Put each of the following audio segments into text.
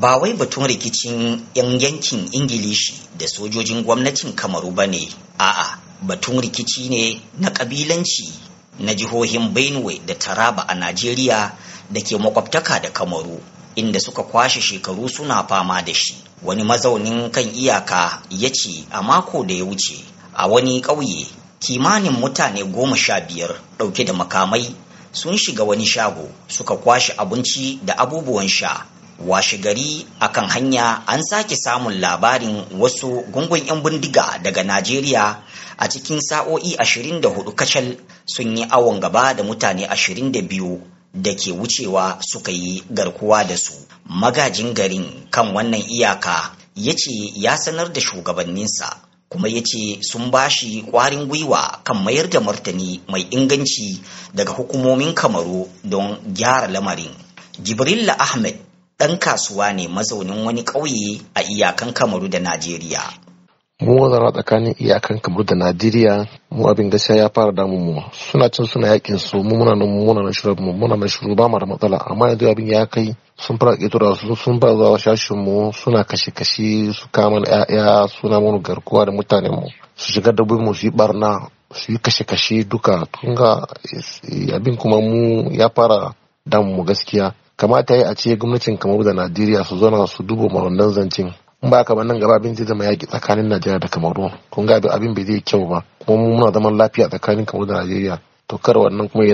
ba wai batun rikicin 'yan yankin ingilishi da sojojin gwamnatin kamaru ba ne a'a batun rikici ne na kabilanci na jihohin benue da taraba a najeriya da ke makwabtaka da kamaru inda suka kwashe shekaru suna fama da shi wani mazaunin kan iyaka ya ce a mako da ya wuce a wani ƙauye kimanin mutane goma sha biyar ɗauke da makamai sun shiga wani shago suka kwashe abinci da abubuwan sha washe gari a kan hanya an sake samun labarin wasu gungun 'yan bindiga daga najeriya a cikin sa'o'i 24 kacal sun yi awon gaba da mutane 22 da ke wucewa suka yi garkuwa da su magajin garin kan wannan iyaka ya ce ya sanar da shugabanninsa kuma ya ce sun bashi shi kwarin gwiwa kan mayar da martani mai inganci daga hukumomin kamaru don gyara lamarin jibrilla ahmed ɗan kasuwa ne mazaunin wani ƙauye a iyakan kamaru da najeriya mu wazara tsakanin iyakan kamaru da najeriya mu abin gaskiya ya fara damun mu suna cin suna yakin su mu muna nan muna nan mu muna nan shiru ba mu da matsala amma yanzu abin ya kai sun fara ƙetura su sun fara zuwa shashin mu suna kashe kashe su kama ya'ya suna mana garkuwa da mutanen mu su shiga da mu su yi barna su yi kashe kashe duka tun eh, abin kuma mu ya fara damun mu gaskiya kamata ya a ce gwamnatin kamaru da najeriya su zauna su dubo marandan zancen in ba kamar nan gaba abin zai zama yaƙi tsakanin najeriya da kamaru kun ga abin bai zai kyau ba kuma muna zaman lafiya tsakanin kamaru da najeriya to kar wannan kuma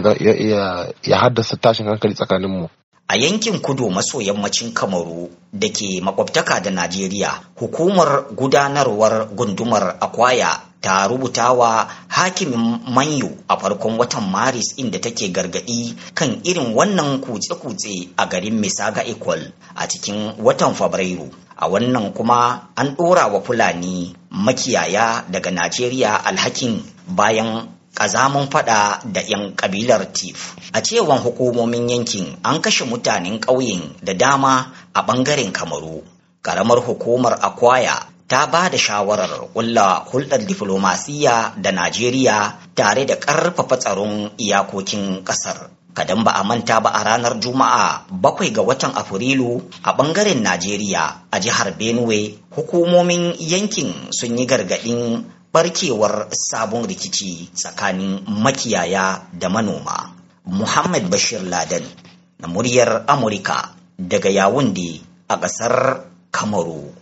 ya haddasa tashin hankali tsakanin mu a yankin kudu maso yammacin kamaru da ke makwabtaka da najeriya hukumar gudanarwar gundumar akwaya ta rubutawa. hakimin manyo a farkon watan maris inda take gargadi kan irin wannan kutse-kutse a garin misaga equal a cikin watan fabrairu a wannan kuma an ɗora wa fulani makiyaya daga najeriya alhakin bayan kazamin fada da 'yan ƙabilar tif a cewan hukumomin yankin an kashe mutanen ƙauyen da dama a ɓangaren kamaru ƙaramar hukumar akwaya ta ba da shawarar kulla hulɗar diflomasiyya da Najeriya tare da ƙarfafa tsaron iyakokin ƙasar. Kadan ba a manta ba a ranar Juma'a bakwai ga watan Afrilu a ɓangaren Najeriya a jihar Benue hukumomin yankin sun yi gargaɗin barkewar sabon rikici tsakanin makiyaya da manoma. Muhammad Bashir Laden na muryar Amurka daga Yawunde a ƙasar Kamaru.